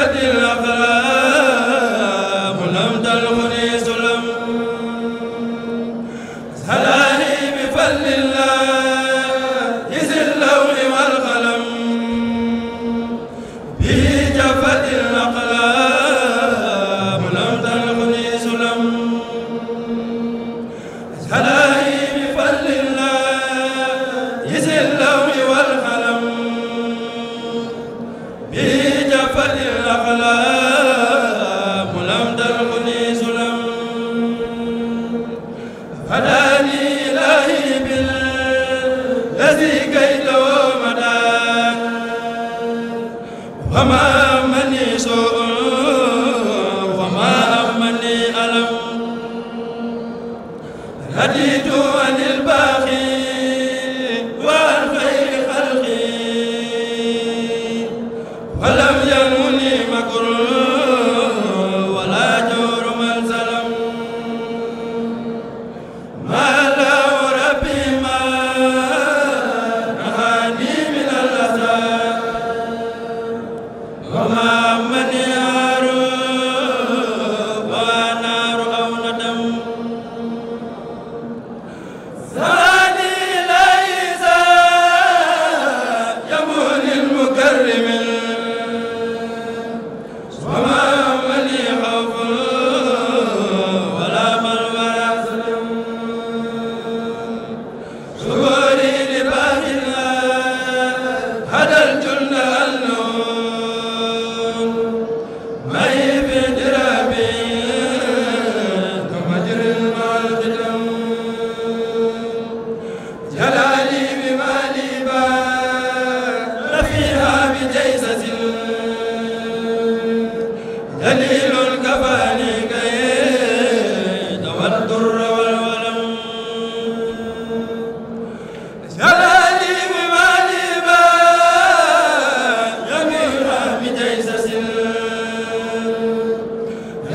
الأقلام لم تلغني هديت عن الباب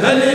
la